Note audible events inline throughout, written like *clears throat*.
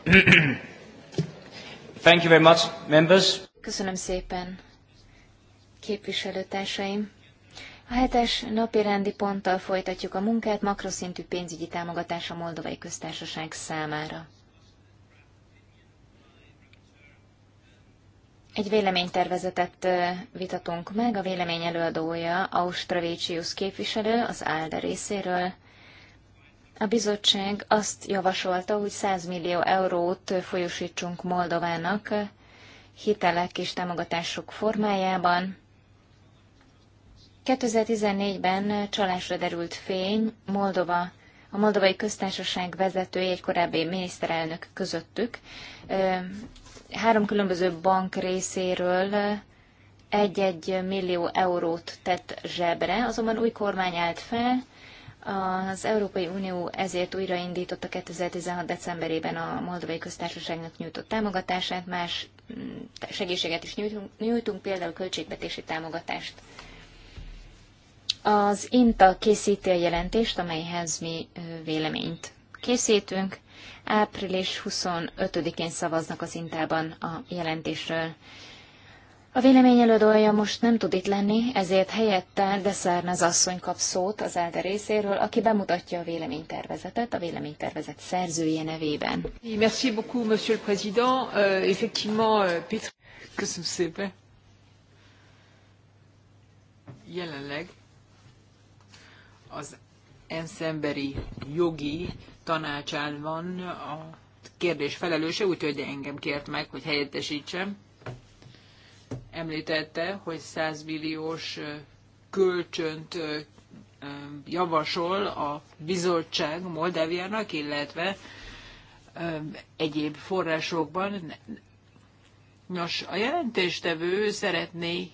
*clears throat* Thank you very much, members. Köszönöm szépen, képviselőtársaim. A hetes napi rendi ponttal folytatjuk a munkát makroszintű pénzügyi támogatás a Moldovai Köztársaság számára. Egy véleménytervezetet vitatunk meg, a vélemény előadója Austravicius képviselő az ALDE részéről. A bizottság azt javasolta, hogy 100 millió eurót folyosítsunk Moldovának hitelek és támogatások formájában. 2014-ben csalásra derült fény, Moldova, a Moldovai Köztársaság vezetői egy korábbi miniszterelnök közöttük, három különböző bank részéről egy-egy millió eurót tett zsebre, azonban új kormány állt fel, az Európai Unió ezért újraindította 2016. decemberében a Moldovai Köztársaságnak nyújtott támogatását, más mm, segítséget is nyújtunk, nyújtunk például költségvetési támogatást. Az INTA készíti a jelentést, amelyhez mi véleményt készítünk. Április 25-én szavaznak az Intában a jelentésről. A véleményelődője most nem tud itt lenni, ezért helyette az asszony kap szót az Elde részéről, aki bemutatja a véleménytervezetet a véleménytervezet szerzője nevében. Merci beaucoup, monsieur le président. Uh, effectivement, uh, Pétri... Köszönöm szépen. Jelenleg az ENSZ emberi jogi tanácsán van a kérdés felelőse, úgyhogy engem kért meg, hogy helyettesítsem említette, hogy 100 milliós kölcsönt javasol a bizottság Moldáviának, illetve egyéb forrásokban. Nos, a jelentéstevő szeretné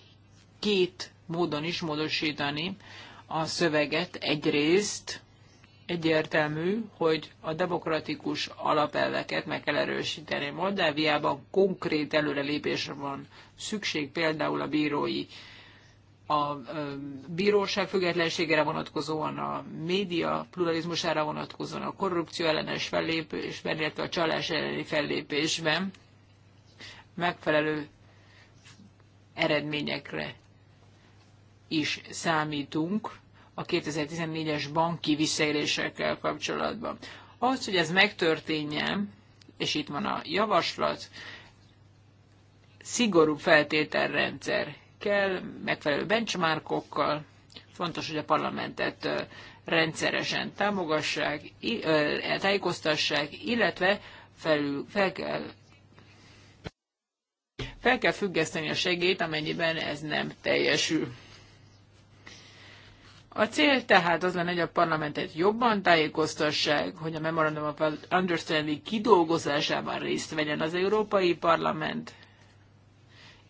két módon is módosítani a szöveget. Egyrészt egyértelmű, hogy a demokratikus alapelveket meg kell erősíteni. Moldáviában konkrét előrelépésre van szükség, például a bírói a bíróság függetlenségére vonatkozóan, a média pluralizmusára vonatkozóan, a korrupció ellenes fellépésben, illetve a csalás elleni fellépésben megfelelő eredményekre is számítunk a 2014-es banki visszaélésekkel kapcsolatban. Ahhoz, hogy ez megtörténjen, és itt van a javaslat, szigorú feltételrendszer kell, megfelelő benchmarkokkal, fontos, hogy a parlamentet rendszeresen támogassák, tájékoztassák, illetve felül, fel kell fel kell függeszteni a segélyt, amennyiben ez nem teljesül. A cél tehát az lenne, hogy a parlamentet jobban tájékoztassák, hogy a Memorandum of Understanding kidolgozásában részt vegyen az Európai Parlament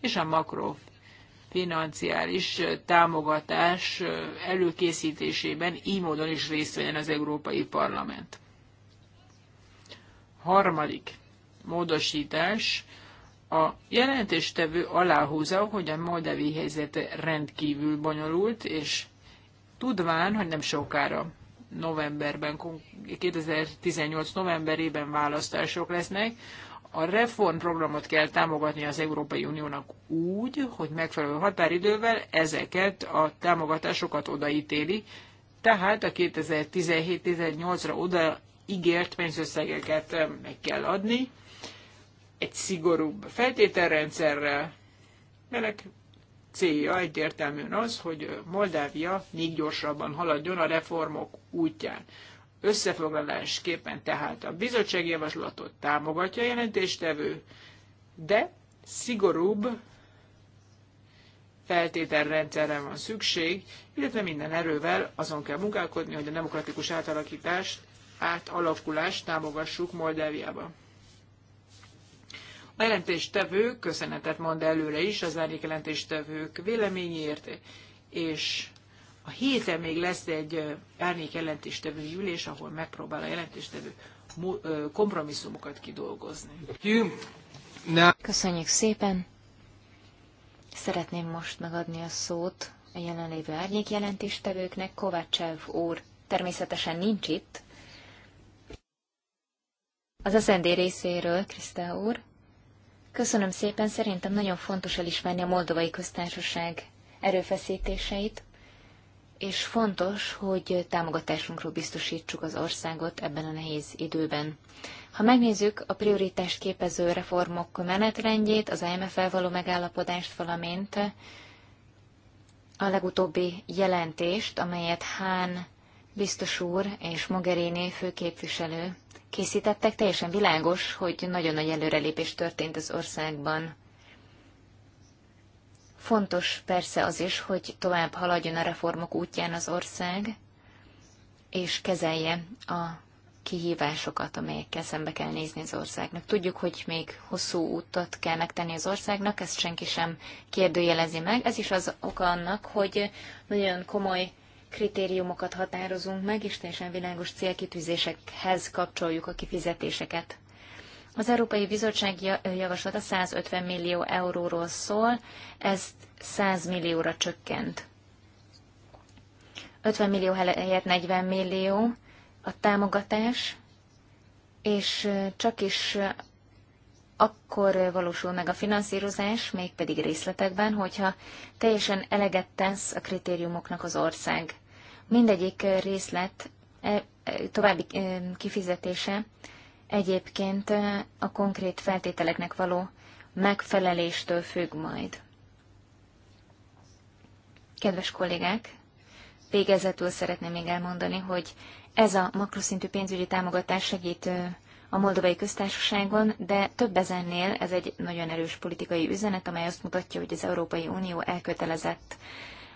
és a makrofinanciális támogatás előkészítésében így módon is részt vegyen az Európai Parlament. Harmadik módosítás. A jelentéstevő aláhúzza, hogy a moldávi helyzet rendkívül bonyolult, és tudván, hogy nem sokára novemberben, 2018 novemberében választások lesznek, a reformprogramot kell támogatni az Európai Uniónak úgy, hogy megfelelő határidővel ezeket a támogatásokat odaítéli, tehát a 2017-18-ra oda ígért pénzösszegeket meg kell adni, egy szigorúbb feltételrendszerrel, melek célja egyértelműen az, hogy Moldávia még gyorsabban haladjon a reformok útján. Összefoglalásképpen tehát a bizottsági javaslatot támogatja a jelentéstevő, de szigorúbb feltételrendszerre van szükség, illetve minden erővel azon kell munkálkodni, hogy a demokratikus átalakítást, átalakulást támogassuk Moldáviában. A jelentéstevő köszönetet mond előre is az árnyék jelentéstevők véleményért, és a héten még lesz egy árnyék jelentéstevő ülés, ahol megpróbál a jelentéstevő kompromisszumokat kidolgozni. Köszönjük szépen! Szeretném most megadni a szót a jelenlévő árnyék jelentéstevőknek. Kovácsev úr természetesen nincs itt. Az SZND részéről, Krisztá úr. Köszönöm szépen, szerintem nagyon fontos elismerni a Moldovai Köztársaság erőfeszítéseit, és fontos, hogy támogatásunkról biztosítsuk az országot ebben a nehéz időben. Ha megnézzük a prioritást képező reformok menetrendjét, az IMF-el való megállapodást, valamint a legutóbbi jelentést, amelyet Hán biztos úr és Mogherini főképviselő készítettek, teljesen világos, hogy nagyon nagy előrelépés történt az országban. Fontos persze az is, hogy tovább haladjon a reformok útján az ország, és kezelje a kihívásokat, amelyekkel szembe kell nézni az országnak. Tudjuk, hogy még hosszú útot kell megtenni az országnak, ezt senki sem kérdőjelezi meg. Ez is az oka annak, hogy nagyon komoly kritériumokat határozunk meg, és teljesen világos célkitűzésekhez kapcsoljuk a kifizetéseket. Az Európai Bizottság javaslata 150 millió euróról szól, ezt 100 millióra csökkent. 50 millió helyett 40 millió a támogatás, és csak is akkor valósul meg a finanszírozás, mégpedig részletekben, hogyha teljesen eleget tesz a kritériumoknak az ország. Mindegyik részlet e, e, további e, kifizetése egyébként a konkrét feltételeknek való megfeleléstől függ majd. Kedves kollégák, végezetül szeretném még elmondani, hogy ez a makroszintű pénzügyi támogatás segít a Moldovai Köztársaságon, de több ezennél ez egy nagyon erős politikai üzenet, amely azt mutatja, hogy az Európai Unió elkötelezett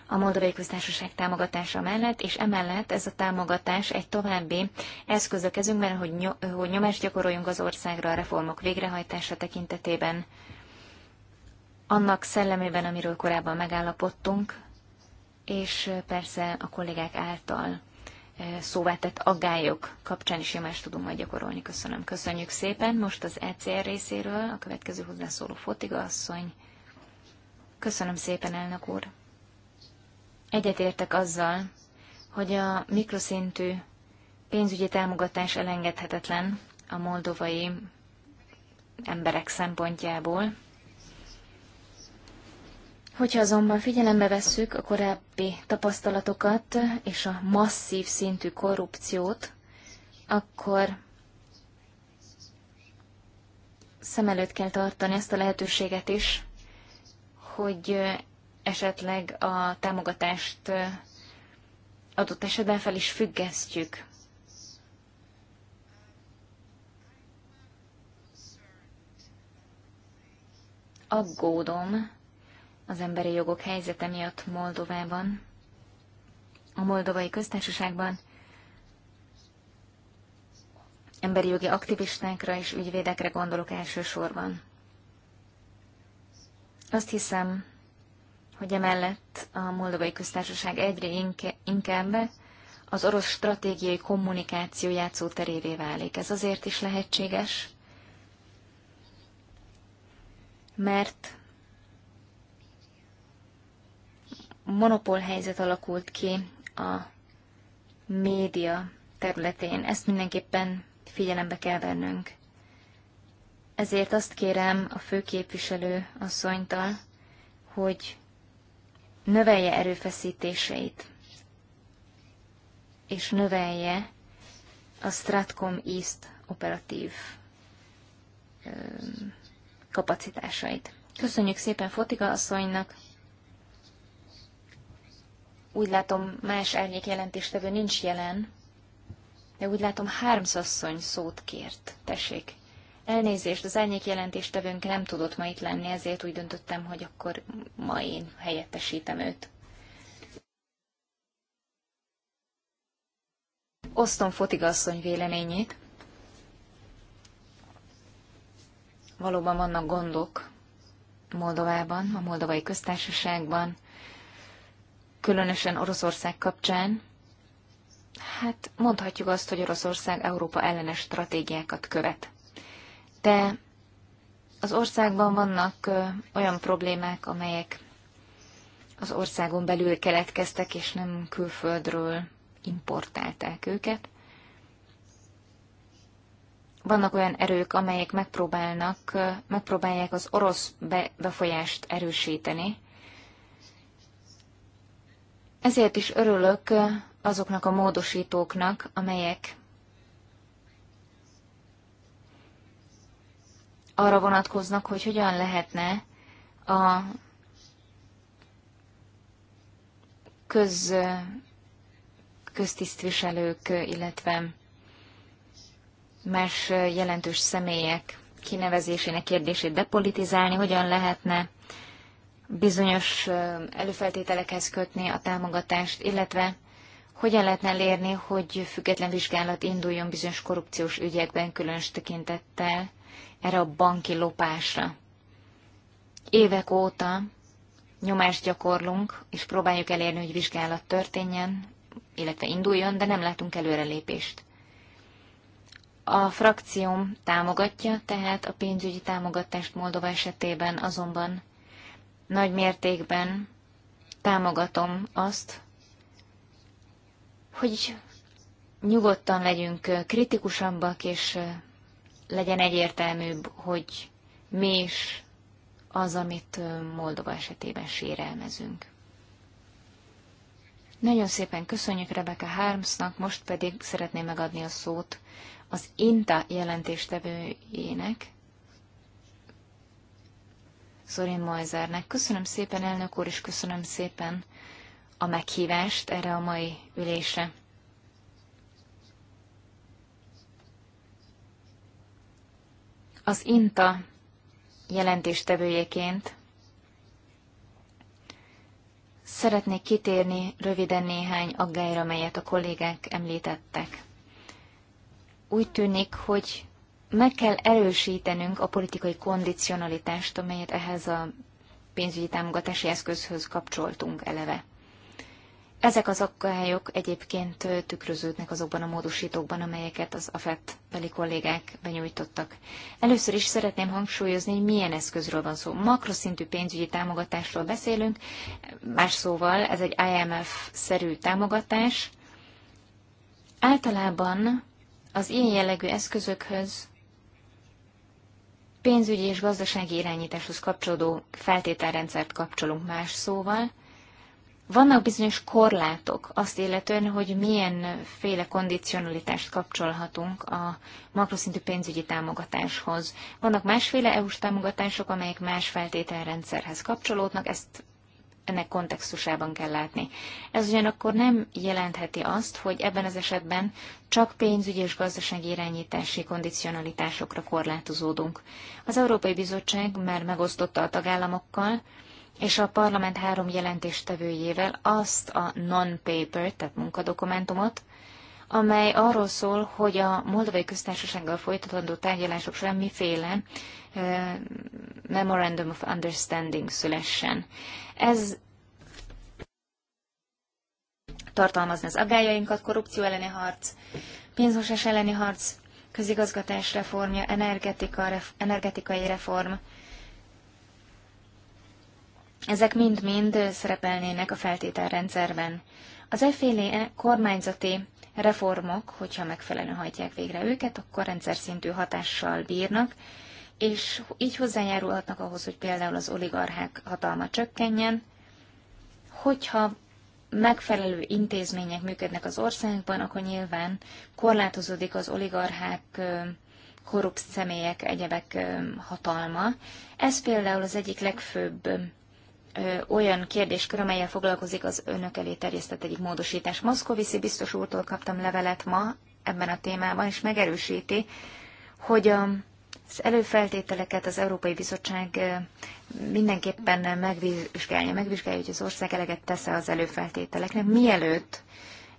a Moldovai Köztársaság támogatása mellett, és emellett ez a támogatás egy további eszköz a kezünkben, hogy, ny- hogy nyomást gyakoroljunk az országra a reformok végrehajtása tekintetében. Annak szellemében, amiről korábban megállapodtunk, és persze a kollégák által E, szóvá tett aggályok kapcsán is nyomást tudunk majd gyakorolni. Köszönöm. Köszönjük szépen. Most az ECR részéről a következő hozzászóló Fotiga asszony. Köszönöm szépen, elnök úr. Egyetértek azzal, hogy a mikroszintű pénzügyi támogatás elengedhetetlen a moldovai emberek szempontjából. Hogyha azonban figyelembe vesszük a korábbi tapasztalatokat és a masszív szintű korrupciót, akkor szem előtt kell tartani ezt a lehetőséget is, hogy esetleg a támogatást adott esetben fel is függesztjük. Aggódom az emberi jogok helyzete miatt Moldovában, a Moldovai Köztársaságban emberi jogi aktivistákra és ügyvédekre gondolok elsősorban. Azt hiszem, hogy emellett a Moldovai Köztársaság egyre inkább az orosz stratégiai kommunikáció játszó terévé válik. Ez azért is lehetséges, mert monopól helyzet alakult ki a média területén. Ezt mindenképpen figyelembe kell vennünk. Ezért azt kérem a főképviselő asszonytal, hogy növelje erőfeszítéseit, és növelje a Stratcom East operatív kapacitásait. Köszönjük szépen Fotika asszonynak, úgy látom, más árnyék jelentéstevő nincs jelen, de úgy látom, hármszasszony szót kért. Tessék. Elnézést, az árnyék jelentéstevőnk nem tudott ma itt lenni, ezért úgy döntöttem, hogy akkor ma én helyettesítem őt. Osztom Fotigasszony véleményét. Valóban vannak gondok Moldovában, a Moldovai Köztársaságban, különösen Oroszország kapcsán, hát mondhatjuk azt, hogy Oroszország Európa ellenes stratégiákat követ. De az országban vannak olyan problémák, amelyek az országon belül keletkeztek, és nem külföldről importálták őket. Vannak olyan erők, amelyek megpróbálnak, megpróbálják az orosz befolyást erősíteni, ezért is örülök azoknak a módosítóknak, amelyek arra vonatkoznak, hogy hogyan lehetne a köz, köztisztviselők, illetve más jelentős személyek kinevezésének kérdését depolitizálni, hogyan lehetne bizonyos előfeltételekhez kötni a támogatást, illetve hogyan lehetne elérni, hogy független vizsgálat induljon bizonyos korrupciós ügyekben, különös tekintettel erre a banki lopásra. Évek óta nyomást gyakorlunk, és próbáljuk elérni, hogy vizsgálat történjen, illetve induljon, de nem látunk előrelépést. A frakcióm támogatja tehát a pénzügyi támogatást Moldova esetében, azonban nagy mértékben támogatom azt, hogy nyugodtan legyünk kritikusabbak, és legyen egyértelműbb, hogy mi is az, amit Moldova esetében sérelmezünk. Nagyon szépen köszönjük Rebecca Harmsnak, most pedig szeretném megadni a szót az INTA jelentéstevőjének, Zorin Majzernek. Köszönöm szépen, elnök úr, és köszönöm szépen a meghívást erre a mai ülésre. Az INTA jelentéstevőjeként szeretnék kitérni röviden néhány aggályra, melyet a kollégák említettek. Úgy tűnik, hogy meg kell erősítenünk a politikai kondicionalitást, amelyet ehhez a pénzügyi támogatási eszközhöz kapcsoltunk eleve. Ezek az aggályok egyébként tükröződnek azokban a módosítókban, amelyeket az AFET beli kollégák benyújtottak. Először is szeretném hangsúlyozni, hogy milyen eszközről van szó. Makroszintű pénzügyi támogatásról beszélünk, más szóval ez egy IMF-szerű támogatás. Általában az ilyen jellegű eszközökhöz pénzügyi és gazdasági irányításhoz kapcsolódó feltételrendszert kapcsolunk más szóval. Vannak bizonyos korlátok azt illetően, hogy milyen féle kondicionalitást kapcsolhatunk a makroszintű pénzügyi támogatáshoz. Vannak másféle EU-s támogatások, amelyek más feltételrendszerhez kapcsolódnak, ezt ennek kontextusában kell látni. Ez ugyanakkor nem jelentheti azt, hogy ebben az esetben csak pénzügyi és gazdasági irányítási kondicionalitásokra korlátozódunk. Az Európai Bizottság már megosztotta a tagállamokkal, és a parlament három jelentéstevőjével azt a non-paper, tehát munkadokumentumot, amely arról szól, hogy a Moldovai Köztársasággal folytatandó tárgyalások során miféle Memorandum of Understanding szülessen. Ez tartalmazni az aggájainkat, korrupció elleni harc, pénzmosás elleni harc, közigazgatás reformja, energetika, ref, energetikai reform. Ezek mind-mind szerepelnének a feltételrendszerben. Az efféle kormányzati reformok, hogyha megfelelően hajtják végre őket, akkor rendszer szintű hatással bírnak, és így hozzájárulhatnak ahhoz, hogy például az oligarchák hatalma csökkenjen, hogyha megfelelő intézmények működnek az országban, akkor nyilván korlátozódik az oligarchák, korrupt személyek, egyebek hatalma. Ez például az egyik legfőbb olyan kérdéskör, amelyel foglalkozik az önök elé terjesztett egyik módosítás. Moszkoviszi biztos úrtól kaptam levelet ma ebben a témában, és megerősíti, hogy az előfeltételeket az Európai Bizottság mindenképpen megvizsgálja, megvizsgálja, hogy az ország eleget tesz az előfeltételeknek, mielőtt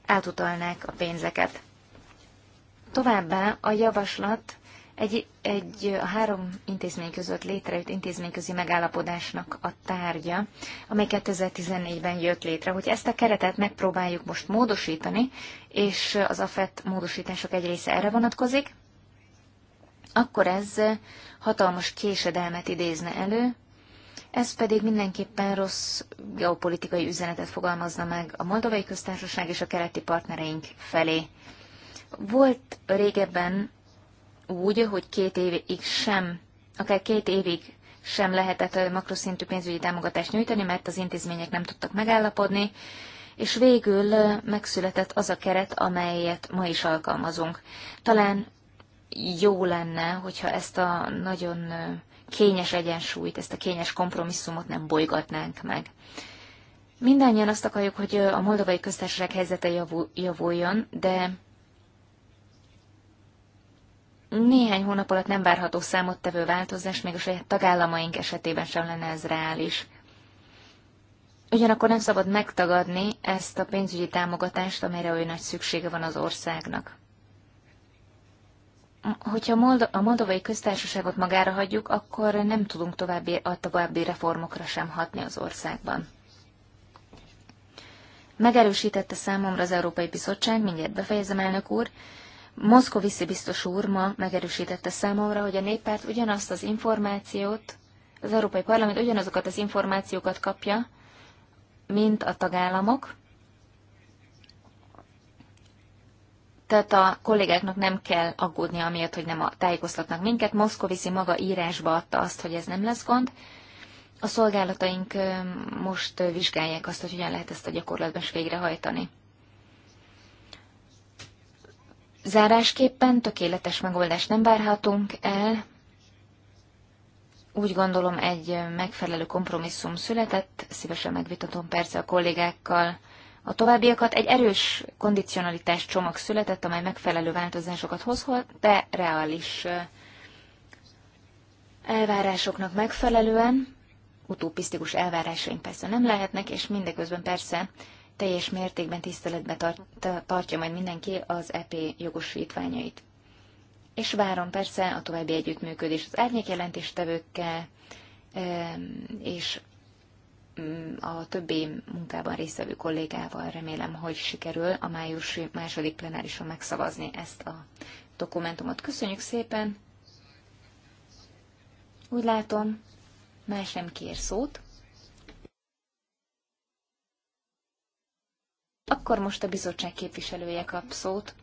átutalnák a pénzeket. Továbbá a javaslat egy, egy a három intézmény között létrejött intézményközi megállapodásnak a tárgya, amely 2014-ben jött létre, hogy ezt a keretet megpróbáljuk most módosítani, és az AFET módosítások egy része erre vonatkozik, akkor ez hatalmas késedelmet idézne elő, ez pedig mindenképpen rossz geopolitikai üzenetet fogalmazna meg a Moldovai Köztársaság és a keleti partnereink felé. Volt régebben úgy, hogy két évig sem, akár két évig sem lehetett makroszintű pénzügyi támogatást nyújtani, mert az intézmények nem tudtak megállapodni, és végül megszületett az a keret, amelyet ma is alkalmazunk. Talán jó lenne, hogyha ezt a nagyon kényes egyensúlyt, ezt a kényes kompromisszumot nem bolygatnánk meg. Mindannyian azt akarjuk, hogy a moldovai köztársaság helyzete javuljon, de néhány hónap alatt nem várható számottevő változás, még a saját tagállamaink esetében sem lenne ez reális. Ugyanakkor nem szabad megtagadni ezt a pénzügyi támogatást, amelyre olyan nagy szüksége van az országnak. Hogyha a moldovai köztársaságot magára hagyjuk, akkor nem tudunk további, a további reformokra sem hatni az országban. Megerősítette számomra az Európai Bizottság, mindjárt befejezem, elnök úr, Moszkoviszi biztos úr ma megerősítette számomra, hogy a néppárt ugyanazt az információt, az Európai Parlament ugyanazokat az információkat kapja, mint a tagállamok. Tehát a kollégáknak nem kell aggódni amiatt, hogy nem a tájékoztatnak minket. Moszkoviszi maga írásba adta azt, hogy ez nem lesz gond. A szolgálataink most vizsgálják azt, hogy hogyan lehet ezt a gyakorlatban is végrehajtani. Zárásképpen tökéletes megoldást nem várhatunk el. Úgy gondolom, egy megfelelő kompromisszum született, szívesen megvitatom persze a kollégákkal a továbbiakat. Egy erős kondicionalitás csomag született, amely megfelelő változásokat hozhat, de reális eh, elvárásoknak megfelelően, utópisztikus elvárásaink persze nem lehetnek, és mindeközben persze teljes mértékben tiszteletbe tart, tartja majd mindenki az EP jogosítványait. És várom persze a további együttműködést az árnyékjelentéstevőkkel, és mm, a többi munkában résztvevő kollégával remélem, hogy sikerül a májusi második plenárison megszavazni ezt a dokumentumot. Köszönjük szépen! Úgy látom, más nem kér szót. Akkor most a bizottság képviselője kap szót.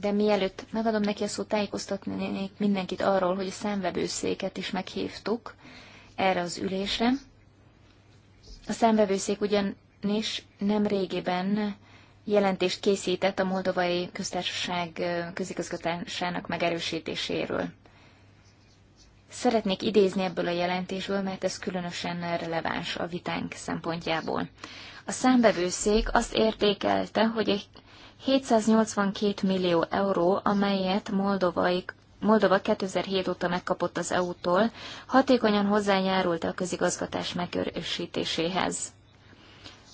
De mielőtt megadom neki a szót, tájékoztatnék mindenkit arról, hogy a számvevőszéket is meghívtuk erre az ülésre. A számvevőszék ugyanis nem régiben jelentést készített a Moldovai Köztársaság közigazgatásának megerősítéséről. Szeretnék idézni ebből a jelentésből, mert ez különösen releváns a vitánk szempontjából. A számbevőszék azt értékelte, hogy egy 782 millió euró, amelyet Moldovaik Moldova 2007 óta megkapott az EU-tól, hatékonyan hozzájárult a közigazgatás megörösítéséhez.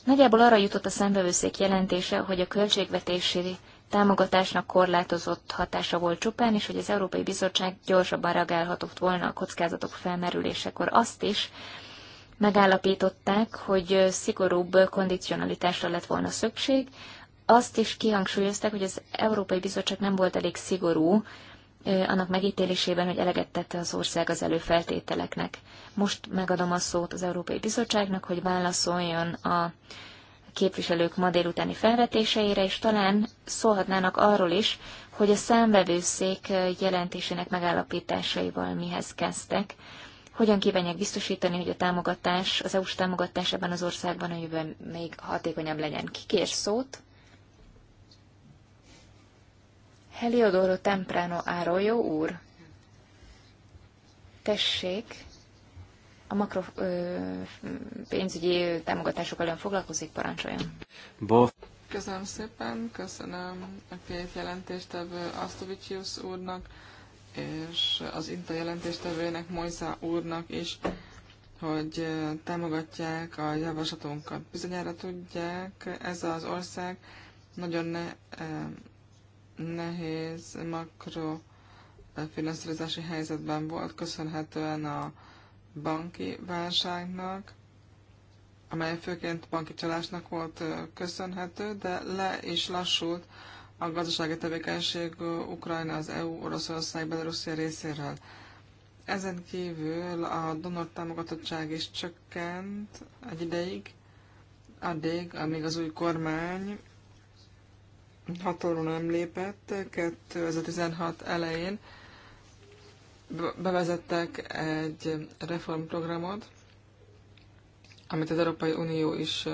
Nagyjából arra jutott a számbevőszék jelentése, hogy a költségvetési támogatásnak korlátozott hatása volt csupán, és hogy az Európai Bizottság gyorsabban reagálhatott volna a kockázatok felmerülésekor. Azt is megállapították, hogy szigorúbb kondicionalitásra lett volna szükség. Azt is kihangsúlyozták, hogy az Európai Bizottság nem volt elég szigorú annak megítélésében, hogy eleget tette az ország az előfeltételeknek. Most megadom a szót az Európai Bizottságnak, hogy válaszoljon a képviselők ma délutáni felvetéseire, és talán szólhatnának arról is, hogy a számvevőszék jelentésének megállapításaival mihez kezdtek, hogyan kívánják biztosítani, hogy a támogatás, az EU-s támogatás ebben az országban a jövőben még hatékonyabb legyen. Ki kér szót? Heliodoro Temprano Árolyó úr. Tessék a makro ö, pénzügyi támogatások ellen foglalkozik, parancsoljon. Bo. Köszönöm szépen, köszönöm a két jelentéstevő Asztovicius úrnak, és az INTA jelentéstevőjének Mojza úrnak is, hogy támogatják a javaslatunkat. Bizonyára tudják, ez az ország nagyon ne, nehéz makrofinanszírozási helyzetben volt, köszönhetően a banki válságnak, amely főként banki csalásnak volt köszönhető, de le is lassult a gazdasági tevékenység Ukrajna, az EU, Oroszország, Belarusia részéről. Ezen kívül a donor támogatottság is csökkent egy ideig, addig, amíg az új kormány hatalomra nem lépett 2016 elején, bevezettek egy reformprogramot, amit az Európai Unió is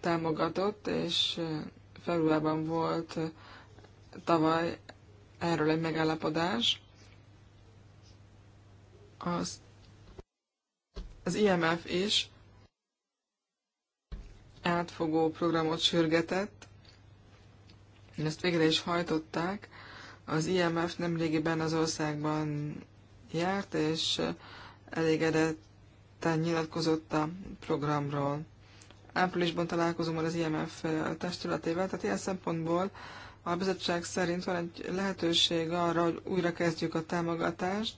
támogatott, és februárban volt tavaly erről egy megállapodás. Az, az IMF is átfogó programot sürgetett, ezt végre is hajtották. Az IMF nemrégiben az országban járt, és elégedetten nyilatkozott a programról. Áprilisban találkozom az IMF testületével, tehát ilyen szempontból a bizottság szerint van egy lehetőség arra, hogy újra kezdjük a támogatást,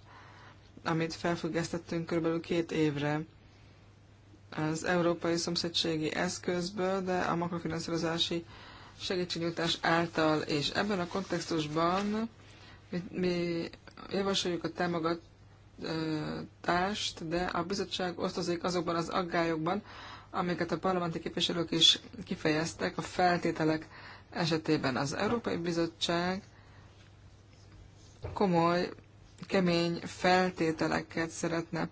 amit felfüggesztettünk körülbelül két évre az Európai Szomszédségi Eszközből, de a makrofinanszírozási segítségnyújtás által, és ebben a kontextusban mi, mi javasoljuk a támogatást, de a bizottság osztozik azokban az aggályokban, amiket a parlamenti képviselők is kifejeztek a feltételek esetében. Az Európai Bizottság komoly, kemény feltételeket szeretne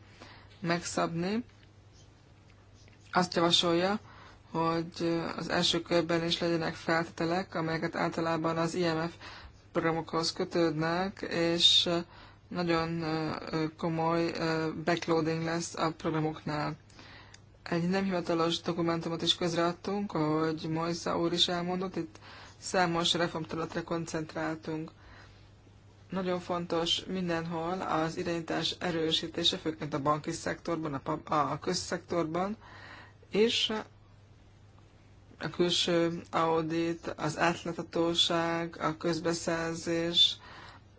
megszabni. Azt javasolja, hogy az első körben is legyenek feltételek, amelyeket általában az IMF programokhoz kötődnek, és nagyon komoly backloading lesz a programoknál. Egy nem hivatalos dokumentumot is közreadtunk, ahogy Mojza úr is elmondott, itt számos reformtalatra koncentráltunk. Nagyon fontos mindenhol az irányítás erősítése, főként a banki szektorban, a, a közszektorban, és a külső audit, az átláthatóság, a közbeszerzés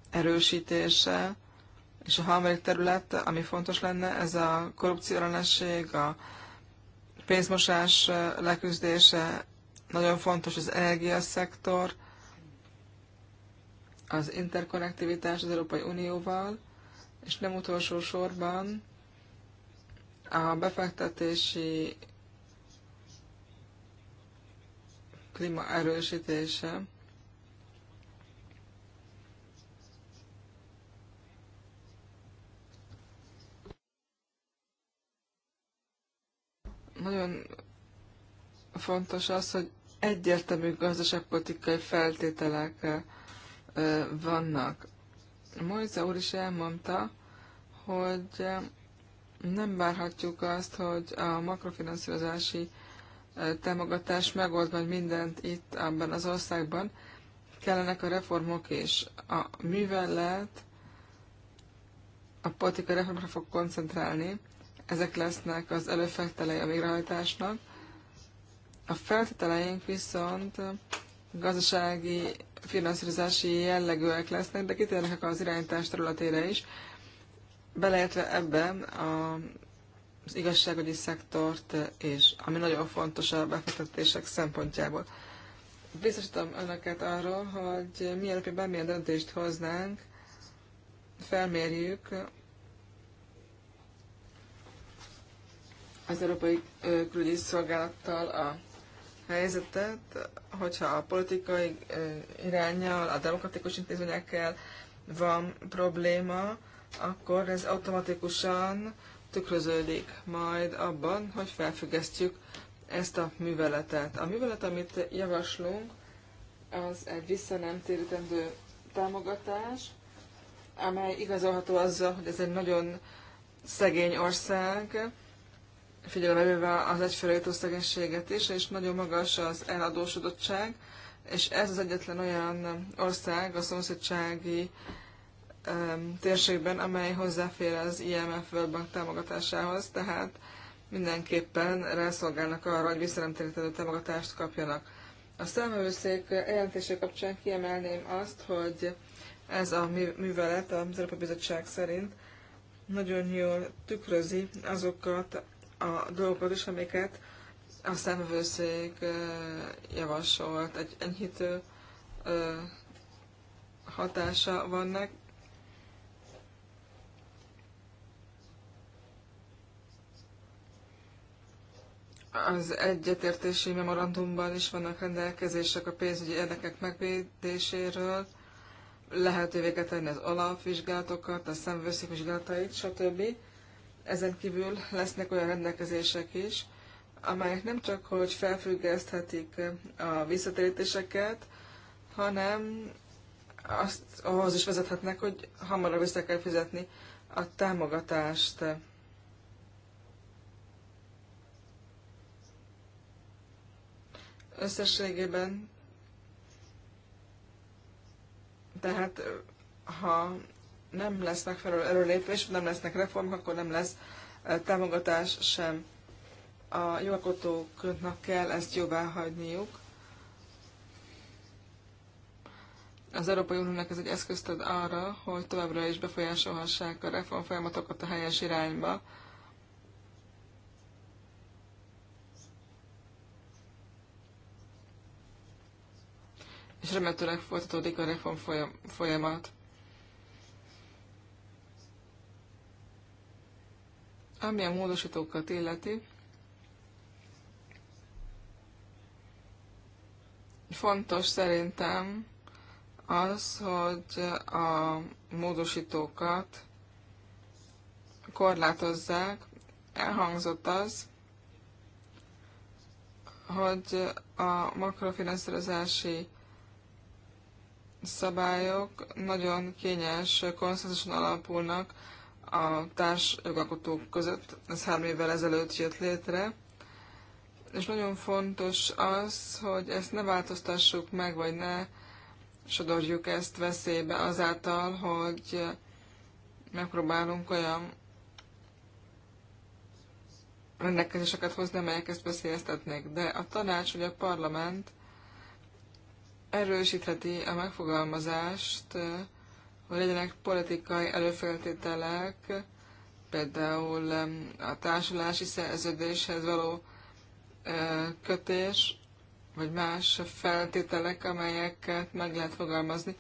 erősítése, és a harmadik terület, ami fontos lenne, ez a korrupcióellenesség, a pénzmosás leküzdése, nagyon fontos az energiaszektor, az interkonnektivitás az Európai Unióval, és nem utolsó sorban a befektetési klíma erősítése. Nagyon fontos az, hogy egyértelmű gazdaságpolitikai feltételek vannak. Mojza úr is elmondta, hogy nem várhatjuk azt, hogy a makrofinanszírozási támogatás megold majd mindent itt abban az országban. Kellenek a reformok és a művelet, a politika reformra fog koncentrálni. Ezek lesznek az előfeltelei a végrehajtásnak. A feltételeink viszont gazdasági, finanszírozási jellegűek lesznek, de kitérnek az irányítás területére is, beleértve ebbe a az igazságügyi szektort, eh, és ami nagyon fontos a befektetések szempontjából. Biztosítom önöket arról, hogy mielőtt bármilyen döntést hoznánk, felmérjük az Európai eh, Külügyi Szolgálattal a helyzetet, hogyha a politikai eh, irányjal, a demokratikus intézményekkel van probléma, akkor ez automatikusan tükröződik majd abban, hogy felfüggesztjük ezt a műveletet. A művelet, amit javaslunk, az egy vissza nem térítendő támogatás, amely igazolható azzal, hogy ez egy nagyon szegény ország, figyelembe véve az egyfelejtő szegénységet is, és nagyon magas az eladósodottság, és ez az egyetlen olyan ország a szomszédsági térségben, amely hozzáfér az IMF World Bank támogatásához, tehát mindenképpen rászolgálnak arra, hogy visszanemtérítő támogatást kapjanak. A számövőszék jelentése kapcsán kiemelném azt, hogy ez a művelet az Európai Bizottság szerint nagyon jól tükrözi azokat a dolgokat is, amiket a számövőszék javasolt. Egy enyhítő hatása van az egyetértési memorandumban is vannak rendelkezések a pénzügyi érdekek megvédéséről, lehetővé kell tenni az alapvizsgálatokat, a szemvőszik vizsgálatait, stb. Ezen kívül lesznek olyan rendelkezések is, amelyek nem csak, hogy felfüggeszthetik a visszatérítéseket, hanem azt ahhoz is vezethetnek, hogy hamarabb vissza kell fizetni a támogatást. összességében. Tehát ha nem lesz megfelelő erőlépés, nem lesznek reformok, akkor nem lesz támogatás sem. A jogalkotóknak kell ezt jóvá hagyniuk. Az Európai Uniónak ez egy eszközt ad arra, hogy továbbra is befolyásolhassák a folyamatokat a helyes irányba és remetőleg folytatódik a reform folyamat. Ami a módosítókat illeti, fontos szerintem az, hogy a módosítókat korlátozzák. Elhangzott az, hogy a makrofinanszírozási szabályok nagyon kényes konszenzuson alapulnak a társ jogalkotók között. Ez három évvel ezelőtt jött létre. És nagyon fontos az, hogy ezt ne változtassuk meg, vagy ne sodorjuk ezt veszélybe azáltal, hogy megpróbálunk olyan rendelkezéseket hozni, amelyek ezt veszélyeztetnék. De a tanács, vagy a parlament erősítheti a megfogalmazást, hogy legyenek politikai előfeltételek, például a társulási szerződéshez való kötés, vagy más feltételek, amelyeket meg lehet fogalmazni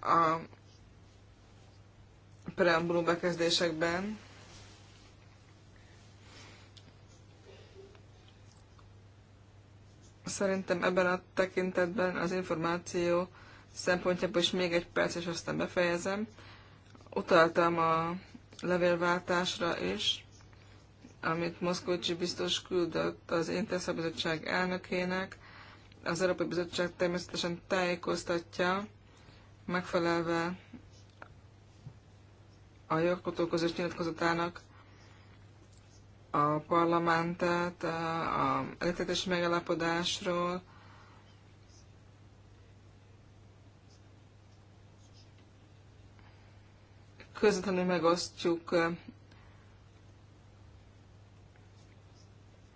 a preambulum bekezdésekben, Szerintem ebben a tekintetben az információ szempontjából is még egy perc, és aztán befejezem. Utaltam a levélváltásra is, amit Moszkvicsi biztos küldött az Intesza Bizottság elnökének. Az Európai Bizottság természetesen tájékoztatja, megfelelve a jogkotó közös nyilatkozatának a parlamentet, a előtetés megalapodásról, közvetlenül megosztjuk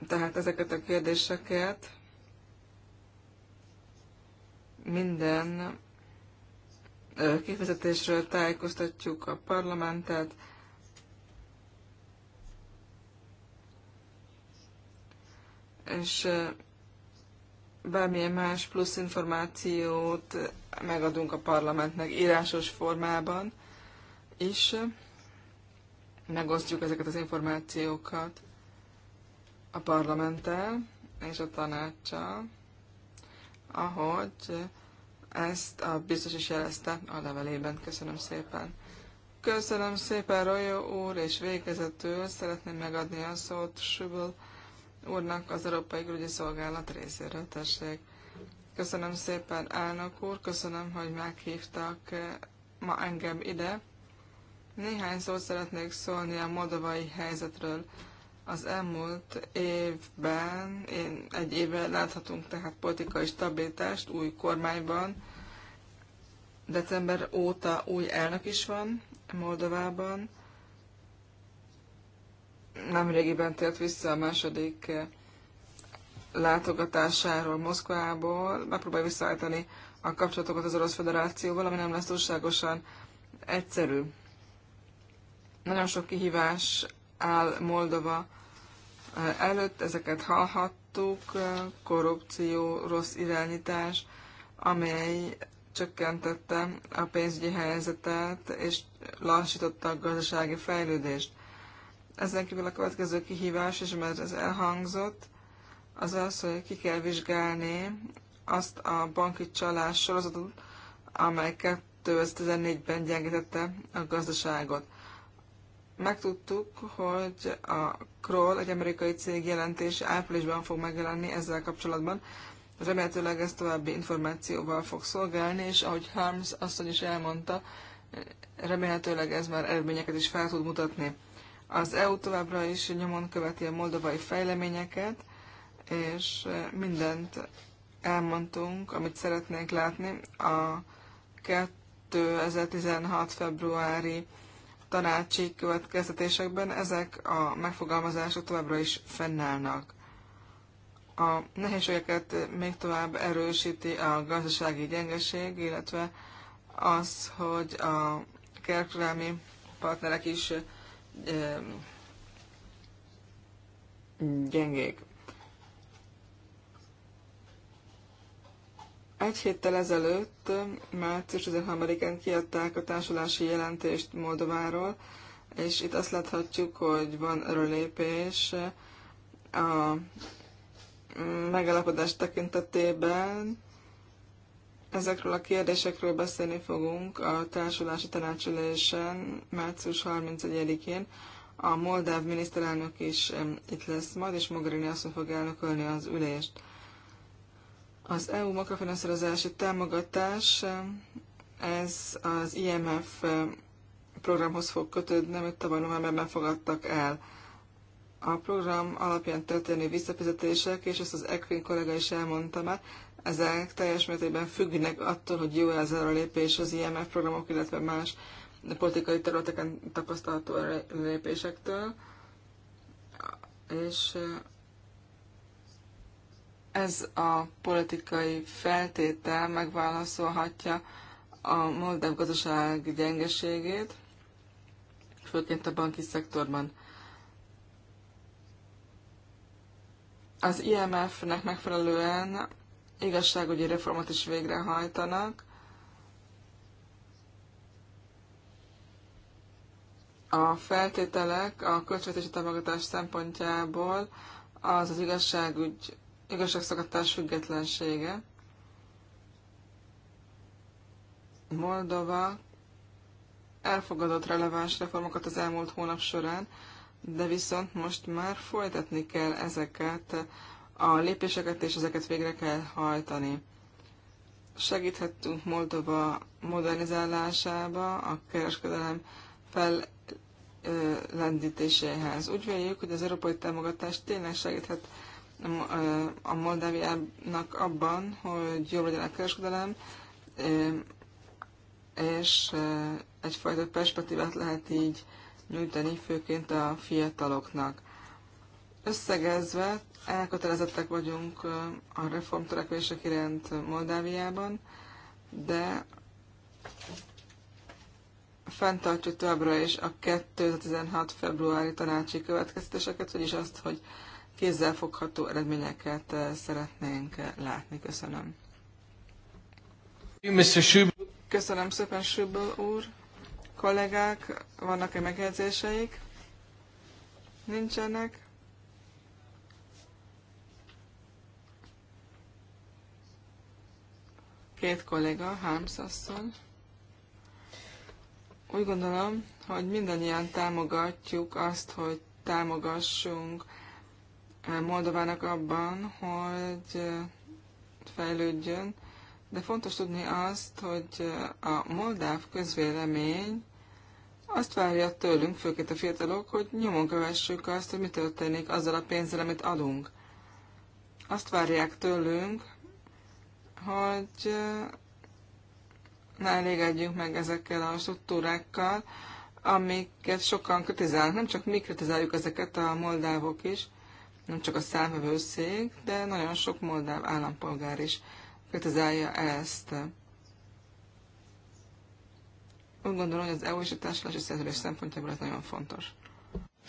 tehát ezeket a kérdéseket minden kifizetésről tájékoztatjuk a parlamentet, és bármilyen más plusz információt megadunk a parlamentnek írásos formában is. Megosztjuk ezeket az információkat a parlamenttel és a tanácssal, ahogy ezt a biztos is jelezte a levelében. Köszönöm szépen. Köszönöm szépen, Rojó úr, és végezetül szeretném megadni a szót Sübel úrnak az Európai Külügyi Szolgálat részéről. Tessék. Köszönöm szépen, elnök úr, köszönöm, hogy meghívtak eh, ma engem ide. Néhány szót szeretnék szólni a moldovai helyzetről. Az elmúlt évben, én egy éve láthatunk tehát politikai stabilitást új kormányban. December óta új elnök is van Moldovában nemrégiben tért vissza a második eh, látogatásáról Moszkvából, megpróbálja visszaállítani a kapcsolatokat az Orosz Federációval, ami nem lesz túlságosan egyszerű. Nagyon sok kihívás áll Moldova eh, előtt, ezeket hallhattuk, eh, korrupció, rossz irányítás, amely csökkentette a pénzügyi helyzetet és lassította a gazdasági fejlődést. Ezen kívül a következő kihívás, és mert ez elhangzott, az az, hogy ki kell vizsgálni azt a banki csalás sorozatot, amely 2014-ben gyengítette a gazdaságot. Megtudtuk, hogy a Kroll, egy amerikai cég jelentése áprilisban fog megjelenni ezzel kapcsolatban. Remélhetőleg ez további információval fog szolgálni, és ahogy Harms asszony is elmondta, remélhetőleg ez már eredményeket is fel tud mutatni. Az EU továbbra is nyomon követi a moldovai fejleményeket, és mindent elmondtunk, amit szeretnénk látni. A 2016. februári tanácsi következtetésekben ezek a megfogalmazások továbbra is fennállnak. A nehézségeket még tovább erősíti a gazdasági gyengeség, illetve az, hogy a kereskedelmi partnerek is gyengék. Egy héttel ezelőtt, március 13-án kiadták a társulási jelentést Moldováról, és itt azt láthatjuk, hogy van örülépés a megalapodás tekintetében, Ezekről a kérdésekről beszélni fogunk a társulási tanácsülésen március 31-én. A moldáv miniszterelnök is itt lesz majd, és Mogherini azt fog elnökölni az ülést. Az EU makrofinanszírozási támogatás, ez az IMF programhoz fog kötődni, amit tavaly novemberben fogadtak el. A program alapján történő visszafizetések, és ezt az Equin kollega is elmondta már, ezek teljes mértékben függnek attól, hogy jó ez a lépés az IMF programok, illetve más politikai területeken tapasztalható lépésektől. És eh, ez a politikai feltétel megválaszolhatja a moldáv gazdaság gyengeségét, főként a banki szektorban. Az IMF-nek megfelelően igazságügyi reformot is végrehajtanak. A feltételek a költségvetési támogatás szempontjából az az igazságügy, igazságszakadás függetlensége. Moldova elfogadott releváns reformokat az elmúlt hónap során, de viszont most már folytatni kell ezeket a lépéseket, és ezeket végre kell hajtani. Segíthettünk Moldova modernizálásába, a kereskedelem fellendítéséhez. Úgy véljük, hogy az európai támogatás tényleg segíthet a Moldáviának abban, hogy jobb legyen a kereskedelem, és egyfajta perspektívát lehet így nyújtani, főként a fiataloknak. Összegezve elkötelezettek vagyunk a reformtörekvések iránt Moldáviában, de fenntartjuk továbbra is a 2016. februári tanácsi következtetéseket, vagyis azt, hogy kézzelfogható eredményeket szeretnénk látni. Köszönöm. Köszönöm szépen, Sübel úr. Kollégák, vannak-e megjegyzéseik? Nincsenek. két kolléga, Harms asszony. Úgy gondolom, hogy mindannyian támogatjuk azt, hogy támogassunk eh, Moldovának abban, hogy eh, fejlődjön, de fontos tudni azt, hogy eh, a moldáv közvélemény azt várja tőlünk, főként a fiatalok, hogy nyomon kövessük azt, hogy mi történik azzal a pénzzel, amit adunk. Azt várják tőlünk, hogy ne elégedjünk meg ezekkel a struktúrákkal, amiket sokan kritizálnak. Nem csak mi kritizáljuk ezeket a moldávok is, nem csak a számvevőszék, de nagyon sok moldáv állampolgár is kritizálja ezt. Úgy gondolom, hogy az EU és a társadalmi szerződés szempontjából ez nagyon fontos.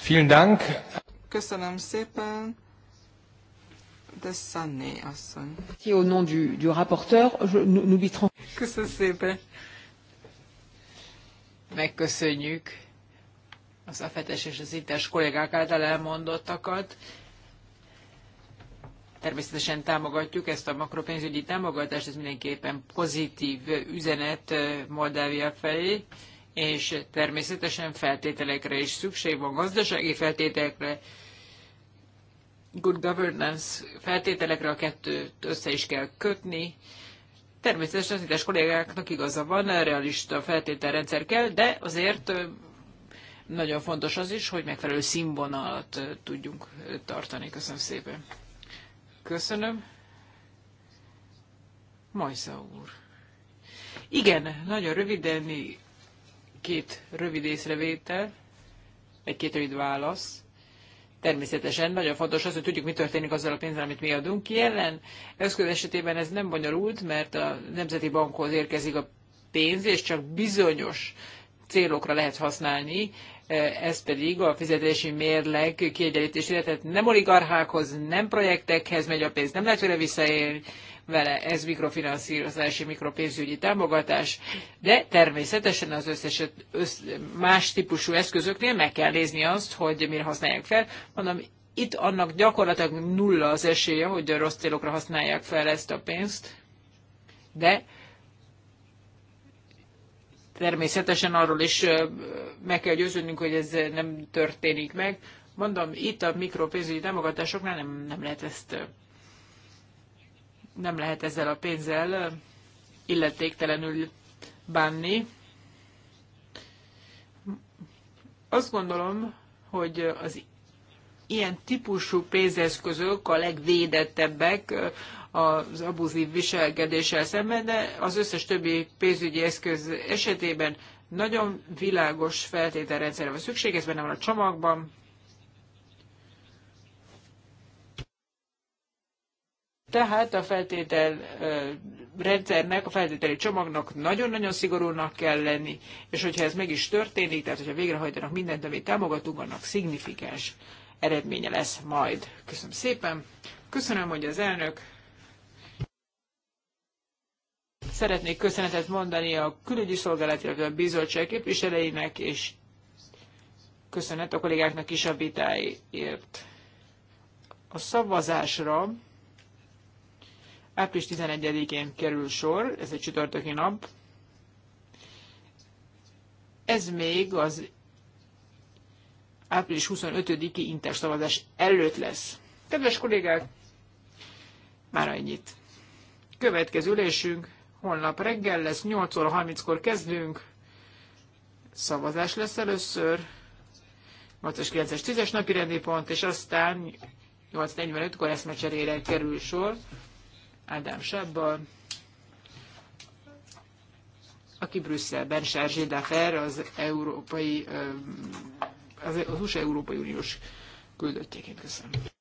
Vielen Dank! Köszönöm szépen! de Sanné asszony. Au nom du, du rapporteur, nous Köszönöm szépen. Megköszönjük az afetes és az ittes kollégák által elmondottakat. Természetesen támogatjuk ezt a makropénzügyi támogatást, ez mindenképpen pozitív üzenet Moldávia felé, és természetesen feltételekre is szükség van, gazdasági feltételekre, good governance feltételekre a kettőt össze is kell kötni. Természetesen az ides kollégáknak igaza van, realista feltételrendszer kell, de azért nagyon fontos az is, hogy megfelelő színvonalat tudjunk tartani. Köszönöm szépen. Köszönöm. Majsza úr. Igen, nagyon röviden két rövid észrevétel, egy-két rövid válasz. Természetesen nagyon fontos az, hogy tudjuk, mi történik azzal a pénzzel, amit mi adunk ki. ellen. eszköz esetében ez nem bonyolult, mert a Nemzeti Bankhoz érkezik a pénz, és csak bizonyos célokra lehet használni, ez pedig a fizetési mérleg kiegyenlítésére, tehát nem oligarchákhoz, nem projektekhez megy a pénz, nem lehet vele visszaélni, vele. Ez mikrofinanszírozási, mikropénzügyi támogatás, de természetesen az összes össz, más típusú eszközöknél meg kell nézni azt, hogy mire használják fel. Mondom, itt annak gyakorlatilag nulla az esélye, hogy a rossz célokra használják fel ezt a pénzt, de természetesen arról is meg kell győződnünk, hogy ez nem történik meg. Mondom, itt a mikropénzügyi támogatásoknál nem, nem lehet ezt nem lehet ezzel a pénzzel illetéktelenül bánni. Azt gondolom, hogy az ilyen típusú pénzeszközök a legvédettebbek az abuzív viselkedéssel szemben, de az összes többi pénzügyi eszköz esetében nagyon világos feltételrendszerre van szükség, ez benne van a csomagban, Tehát a feltétel rendszernek, a feltételi csomagnak nagyon-nagyon szigorúnak kell lenni, és hogyha ez meg is történik, tehát hogyha végrehajtanak mindent, amit támogatunk, annak szignifikáns eredménye lesz majd. Köszönöm szépen. Köszönöm, hogy az elnök. Szeretnék köszönetet mondani a külügyi szolgálat, illetve a bizottság képviseleinek, és köszönet a kollégáknak is a vitáért. A szavazásra Április 11-én kerül sor, ez egy csütörtöki nap. Ez még az április 25-i interszavazás előtt lesz. Kedves kollégák, már ennyit. Következő ülésünk holnap reggel lesz, 8 óra 30-kor kezdünk. Szavazás lesz először, 8-as, 9-es, 10-es napi rendi pont, és aztán 8.45-kor eszmecserére kerül sor. Ádám Sábbal, aki Brüsszelben Sárzsé Dafer, az európai, az USA Európai Uniós küldöttjeként. Köszönöm.